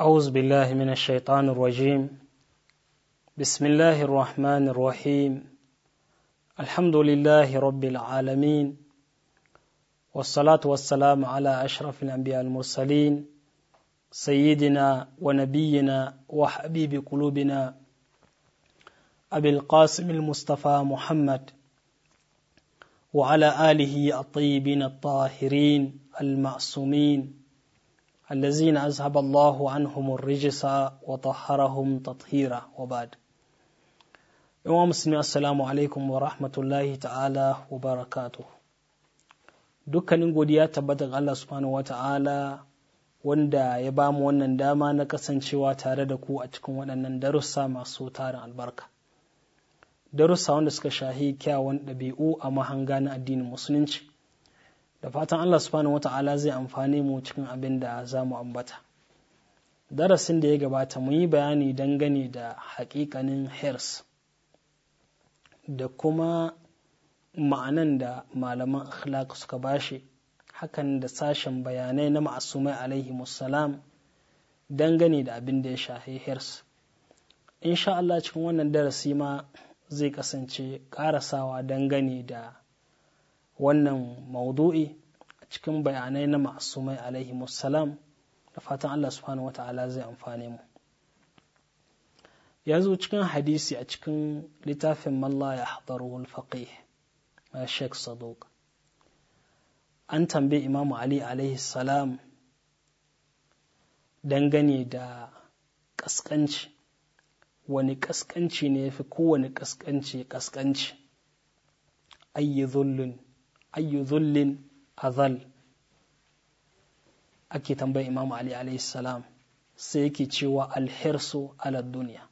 أعوذ بالله من الشيطان الرجيم بسم الله الرحمن الرحيم الحمد لله رب العالمين والصلاة والسلام على أشرف الأنبياء المرسلين سيدنا ونبينا وحبيب قلوبنا أبي القاسم المصطفى محمد وعلى آله الطيبين الطاهرين المعصومين الذين أذهب الله wa الرجس tathira wa bad yawan musulmi assalamu alaikum wa rahmatullahi ta'ala wa barakatu dukkanin godiya tabbatar Allah subhanahu wa ta'ala wanda ya ba mu wannan dama na kasancewa tare da ku a cikin waɗannan darussa masu tarin albarka darussa wanda suka shahi kyawun ɗabi'u a mahanga na addinin musulunci da fatan Allah subhanahu wata'ala zai amfane mu cikin abin da za mu ambata darasin da ya gabata mun yi bayani dangane da haƙiƙanin hers da kuma ma'anan da malaman akhlaq suka bashi hakan da sashen bayanai na ma'asumai alaihi musalam dangane da abin da ya shahi hers insha Allah cikin wannan darasi ma zai kasance ƙarasawa dangane da wannan maudu'i a cikin bayanai na masumai alaihi musallam da fatan Allah subhanahu wata'ala zai amfane mu ya zo cikin hadisi a cikin littafin malla ya hadaru faqih na Sheikh Saduq an tambayi Imam Ali alaihi salam dangane da ƙasƙanci wani ƙasƙanci ne ya fi kowane ƙasƙanci ƙasƙanci ayyi ayyu zullin azal ake tambayar imam ali alayhi salam sai yake cewa alhirsu ala duniya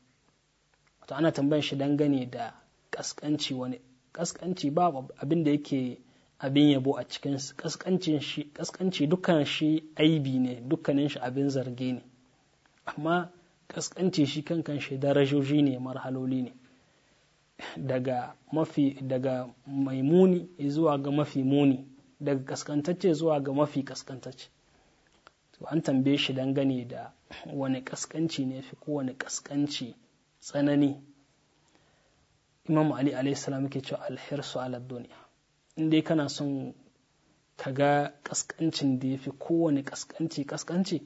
wato ana tambayar shi dangane da kaskanci wani kaskanci ba abin da yake abin yabo a cikin kaskancin shi kaskanci dukkan shi aibi ne dukkanin shi abin zarge ne amma kaskanci shi kankan shi darajoji ne marhaloli ne daga mafi daga mai muni zuwa ga mafi muni daga kaskantacce zuwa ga mafi kaskantacce to an tambaye shi dangane da wani kaskanci ne fi kowane kaskanci tsanani imam ali salam yake cewa alhirsu ala duniya dai kana son ka ga kaskancin da yafi fi kowane kaskanci kaskanci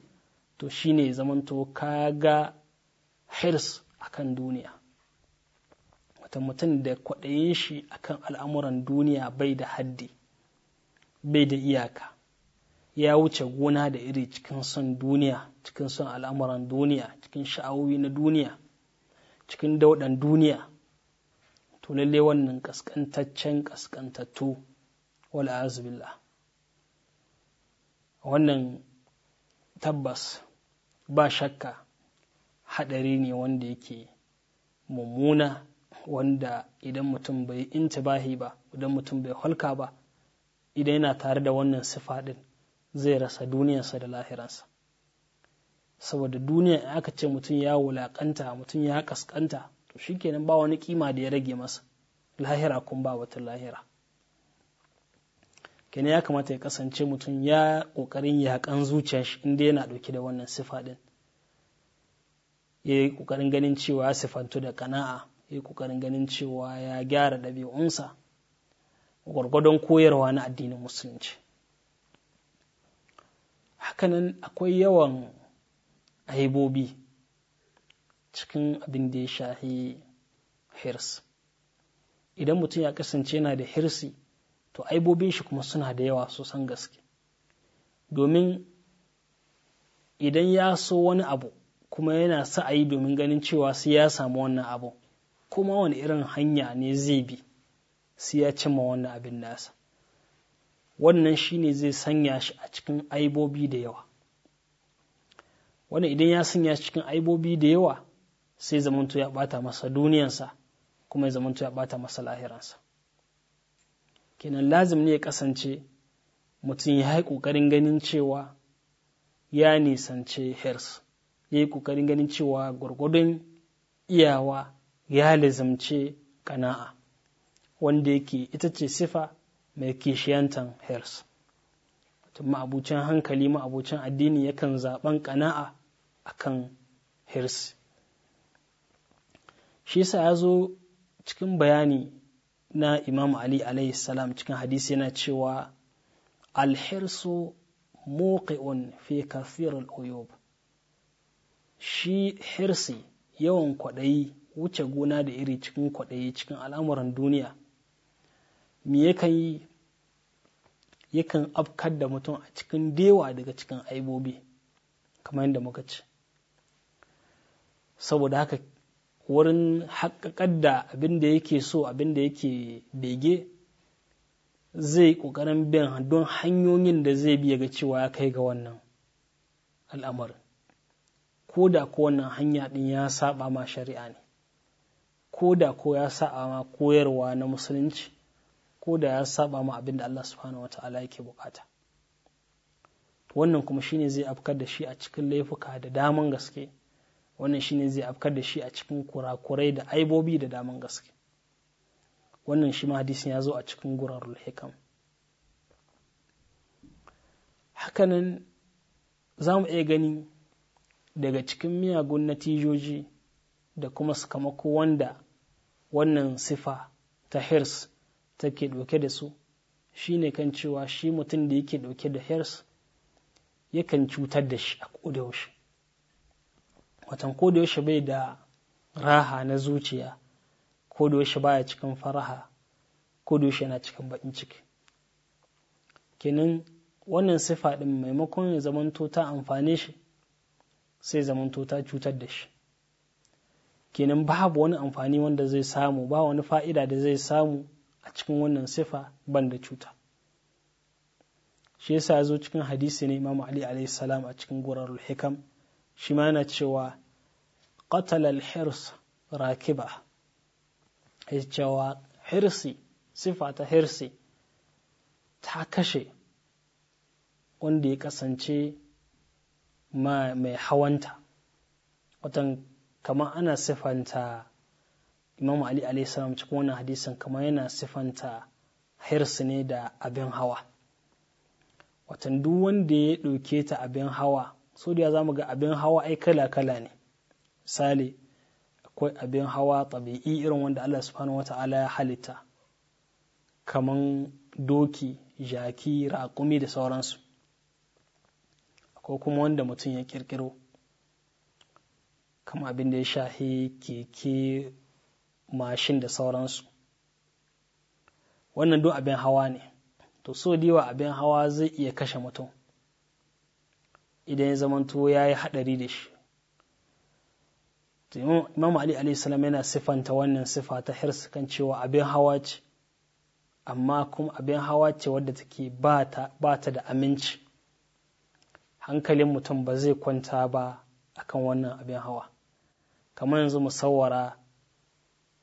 to shine zamanto ka ga hirs akan duniya ta mutum da kwaɗayin shi akan al'amuran duniya bai da haddi bai da iyaka ya wuce gona da iri cikin son duniya cikin son al'amuran duniya cikin sha'awowi na duniya cikin daudan duniya to lalle wannan ƙasƙantaccen ƙasƙantattu wal wannan tabbas ba shakka haɗari ne wanda yake mummuna wanda idan mutum bai intibahi ba idan mutum bai halka ba idan yana tare da wannan sifa din zai rasa duniyarsa da lahiransa saboda duniya in aka ce mutum ya wulaƙanta, mutum ya kaskanta to shi kenan ba wani kima da ya rage masa lahira kun ba wata lahira kenan ya kamata ya kasance mutum ya kokarin yakan zuciyar shi inda yana dauke da wannan sifa ɗin ya yi kokarin ganin cewa ya sifantu da kana'a yi kokarin ganin cewa ya gyara ɗabi'unsa gwargwadon koyarwa na addinin musulunci hakanan akwai yawan aibobi cikin abin da ya shahi hirs idan mutum ya kasance yana da hirsi to aibobin shi kuma suna da yawa sosan gaske domin idan ya so wani abu kuma yana sa'ayi domin ganin cewa sai ya samu wannan abu kuma wani irin hanya ne zai bi sai ya cimma wannan abin nasa wannan shine zai sanya shi a cikin aibobi da yawa wannan idan ya sanya shi cikin aibobi da yawa sai zamanto ya bata masa duniyansa kuma ya zamanto ya bata masa lahiransa kenan lazim ne ya kasance mutum ya yi ƙoƙarin ganin cewa ya nisance hers ya yi ƙoƙarin ganin cewa gwargwadon iyawa ya lizimci kana'a wanda yake ita ce sifa mai kishiyantan hers mutum ma'abucin hankali ma'abucin addini yakan zaben kana'a akan hers shi yasa ya zo cikin bayani na imam ali salam cikin hadisi yana cewa alhirsu muqi'un fi kafirar uyub shi hirsi yawan kwaɗayi wuce gona da iri cikin kwaɗayi cikin al'amuran duniya me yakan yi yakan afkar da mutum a cikin dewa daga cikin aibobi kamar yadda muka ci? saboda haka wurin haƙaƙar da abinda yake so abinda yake bege zai ƙoƙarin bin don hanyoyin da zai biya ga cewa ya kai ga wannan al'amarin ko da ko wannan hanya ɗin ya saba ma shari'a ne ko da ko ya saba ma koyarwa na musulunci ko da ya saba ma abin da Allah subhanahu wa ta'ala yake bukata wannan kuma shine zai afkar da shi a cikin laifuka da daman gaske wannan shine zai afkar da shi a cikin kurakurai da aibobi da daman gaske wannan shi ma hadisin ya zo a cikin gurarul hikam hakanan za mu iya gani daga cikin miyagun natijoji da kuma sakamako wanda wannan sifa ta hirs take dauke da su shine kan cewa shi mutum da yake dauke da hers yakan cutar da shi a kodayaushe watan kodayaushe bai da raha na zuciya kodayaushe baya cikin faraha kodayaushe yana cikin baƙin ciki kenan wannan sifa ɗin maimakon ya zamanto ta amfane shi sai zamanto ta cutar da shi kenan babu wani amfani wanda zai samu ba wani fa'ida da zai samu a cikin wannan sifa ban da cuta shi yasa zo cikin hadisi ne imam ali alayhi salam a cikin gurarul hikam shi ma yana cewa qatala al-hirs rakiba ya cewa hirsi sifa ta hirsi ta kashe wanda ya kasance mai hawanta watan kamar ana sifanta Imam Ali alaihi cikin wannan hadisan. kamar yana sifanta hirsu ne da abin hawa watan duk wanda ya ɗauke ta abin hawa so da za mu ga abin hawa ai kala-kala ne misali akwai abin hawa tabi'i irin wanda Allah subhanahu wata'ala ya halitta kaman doki jaki raƙumi da sauransu akwai kuma wanda mutum ya ƙirƙiro kama abin da ya shahi keke mashin da sauransu wannan duk abin hawa ne to so diwa abin hawa zai iya kashe mutum idan ya zamanto ya yi haɗari da shi imam ali alaihissalam yana siffanta wannan siffa ta hirsu kan cewa abin hawa ce amma kuma abin hawa ce wadda take ba ta da aminci hankalin mutum ba zai kwanta ba akan wannan abin hawa kamar yanzu musawara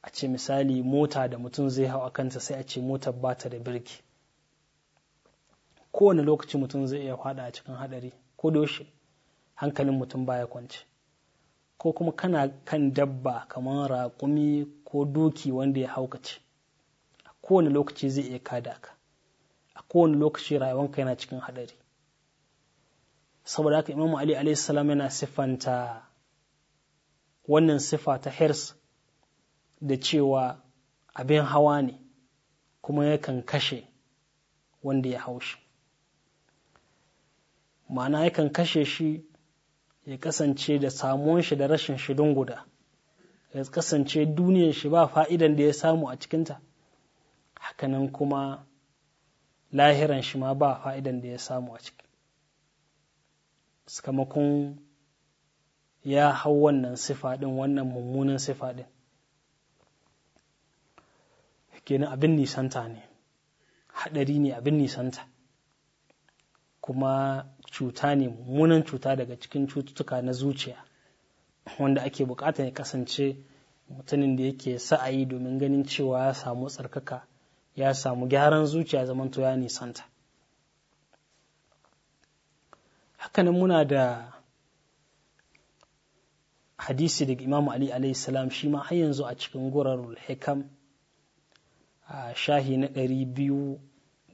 a ce misali mota da mutum zai hau a kanta sai a ce mota ba ta da birki kowane lokaci mutum zai iya fada a cikin hadari ko doshe hankalin mutum baya kwance ko kuma kana kan dabba kamar raƙumi ko doki wanda ya haukace a kowane lokaci zai iya kada ka a kowane lokaci rayuwanka yana cikin hadari saboda haka imamu ali alaihi salam yana siffanta wannan sifa ta hirs da cewa abin hawa ne kuma yakan kashe wanda ya hau shi ma'ana yakan kashe shi ya kasance da samuwan shi da rashin shi guda ya kasance duniyar shi ba fa'idan da ya samu a cikinta hakanan kuma lahiran shi ma ba fa'idan da ya samu a ciki sakamakon ya hau wannan sifa wannan mummunan sifa ke kenan abin nisanta ne haɗari ne abin nisanta kuma cuta ne mummunan cuta daga cikin cututtuka na zuciya wanda ake bukatar ya kasance mutumin da yake sa'ayi domin ganin cewa ya samu tsarkaka ya samu gyaran zuciya zamantoya ya nisanta hakanan muna da hadisi daga imamu ali alayhi salam shi ma har yanzu a cikin gurarul hikam a shahi na ɗari biyu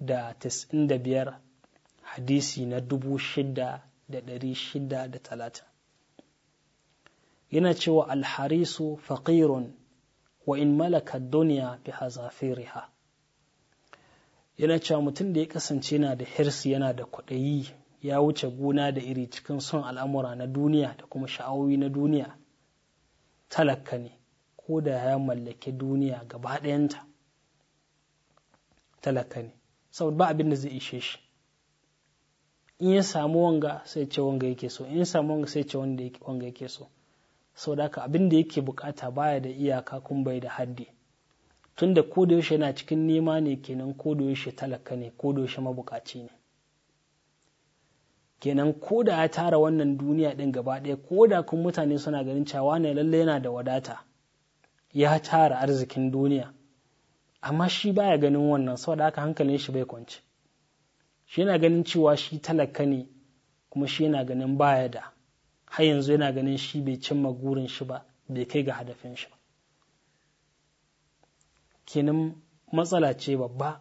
da tas'in da biyar hadisi na dubu shida da ɗari shida da talatin yana cewa alharisu faƙirun wa in malaka duniya bi hazafiriha yana cewa mutum da ya kasance na da hirsi yana da kwaɗayi ya wuce gona da iri cikin son al'amura na duniya da kuma sha'awoyi na duniya talaka ne ko da ya mallaki duniya gaba ɗayanta talaka ne saboda ba abin da zai ishe shi in ya samu wanga sai ce wanga yake so in ya samu wanga sai ce wanga yake so saboda haka abin da yake bukata baya da iyaka kun bai da haddi tunda ko da yaushe yana cikin nema ne kenan ko da yaushe talaka ne ko da yaushe mabukaci ne kenan ko da ya tara wannan duniya ɗin gaba ɗaya ko da kun mutane suna ganin cewa ne lalle yana da wadata ya tara arzikin duniya amma shi baya ganin wannan saboda haka hankalin shi bai kwance shi yana ganin cewa shi talaka ne kuma shi yana ganin baya da har yanzu yana ganin shi bai cimma gurin shi ba bai kai ga hadafin shi ba kenan matsala ce babba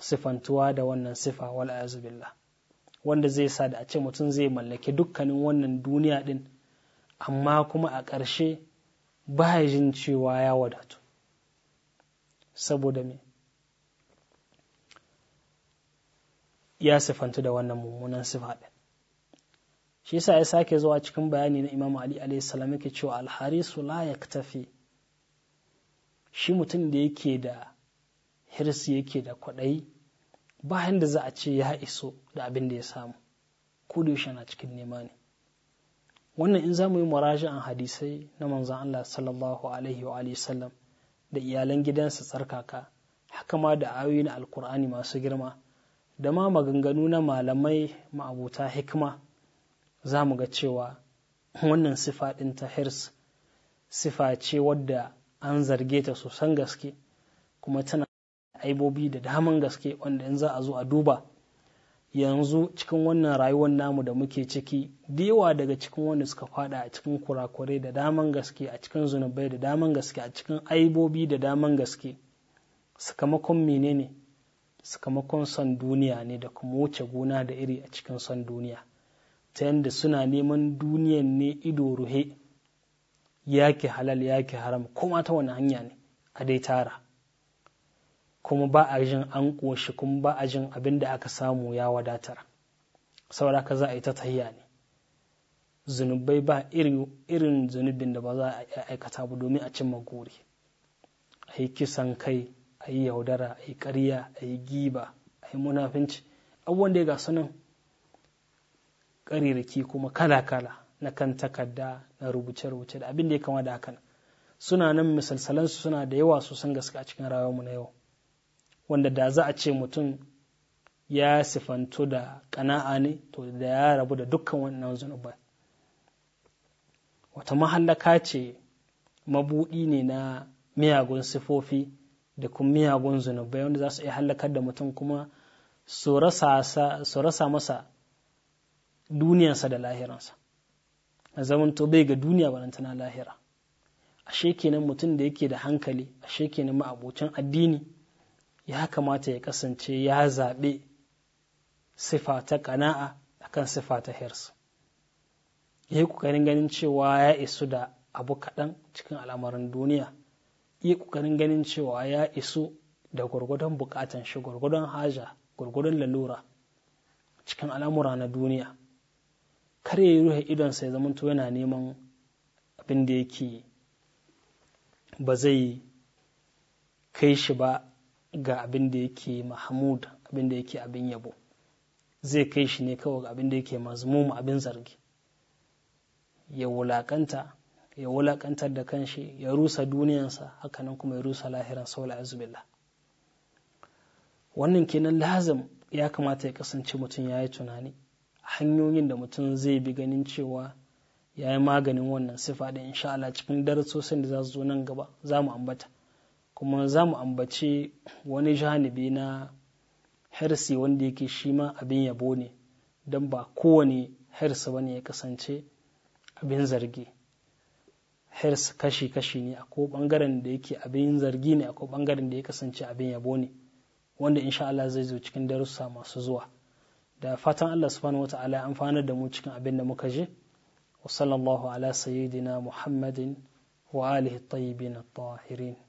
sifantuwa da wannan sifa wal wanda zai sa da a ce mutum zai mallake dukkanin wannan duniya din amma kuma a ƙarshe ba jin cewa ya wadatu saboda me ya sifantu da wannan mummunan sifa shi yasa ya sake zuwa cikin bayani na Imam Ali alayhi salam yake cewa alharisu harisu la yaktafi shi mutum da yake da hirsi yake da kwaɗayi bayan da za a ce ya iso da abin da ya samu ko da yaushe na cikin nema ne wannan in za mu yi muraji'an hadisai na manzo Allah sallallahu alaihi wa alihi sallam da iyalan gidansa tsarkaka haka ma da ayoyi na alkur'ani masu girma da ma maganganu na malamai ma'abuta hikima za mu ga cewa wannan sifa ɗin ta hirs sifa ce wadda an zarge ta sosan gaske kuma tana aibobi da daman gaske wanda in za a zo a duba yanzu cikin wannan rayuwar namu da muke ciki da daga cikin wanda suka fada a cikin kurakure da daman gaske a cikin zunubai da daman gaske a cikin aibobi da daman gaske sakamakon menene sakamakon son duniya ne da kuma wuce gona da iri a cikin son duniya ta yadda suna neman duniyan ne ido ruhe yaki halal yaki haram kuma ta wani hanya ne a dai tara kuma ba a jin an ƙoshi kuma ba a jin abin da aka samu ya wadatar saura ka za a yi ta tahiya ne zunubai ba irin zunubin da ba za a aikata ba domin a cimma gori a yi kisan kai a yi yaudara a yi ƙarya a yi giba a yi munafinci abubuwan da ya gasu nan ƙarirriki kuma kala-kala na kan takarda na rubuce-rubuce da abin da ya kama da hakan suna nan misalsalansu suna da yawa sosan gaske a cikin rayuwarmu na yau wanda da za a ce mutum ya sifanto da ƙana'a ne to da ya rabu da dukkan wannan zunubai wata mahallaka ce mabuɗi ne na miyagun sifofi da kuma miyagun zunubai wanda za su iya hallakar da mutum kuma su rasa masa duniyarsa da lahiransa a zamanto bai ga duniya tana lahira ashe kenan mutum da yake da hankali ashe kenan ma'abocin addini ya kamata ya kasance ya zaɓe sifa ta ƙana'a akan sifa ta hirsu ya yi ƙoƙarin ganin cewa ya isu da abu kaɗan cikin al'amarin duniya ya yi ƙoƙarin ganin cewa ya isu da gwargwadon buƙatan shi gwargwadon haja gwargwadon lalura cikin al'amura na duniya kar ya yi ruhe idonsa ya zamanto yana neman abin da yake ba zai kai shi ba ga abin da yake mahmud abin da yake abin yabo zai kai shi ne kawai ga abin da yake mazmum abin zargi ya wulakanta ya wulakantar da kanshi ya rusa duniyansa hakanan kuma ya rusa lahiran saula azubillah wannan kenan lazim ya kamata ya kasance mutum ya yi tunani hanyoyin da mutum zai bi ganin cewa ya yi maganin wannan sifa da insha cikin darasosin da za su zo nan gaba za mu ambata kuma za mu ambaci wani janibi na hirsi wanda yake shi ma abin yabo ne don ba kowane hirsi wani ya kasance abin zargi hirs kashi-kashi ne ko bangaren da yake abin zargi ne ko bangaren da ya kasance abin yabo ne wanda insha Allah zai zo cikin darussa masu zuwa da fatan Allah subhanahu wata'ala ya amfana da mu cikin abin da muka je wa ala sayyidina muhammadin wa alihi tayyibin tahirin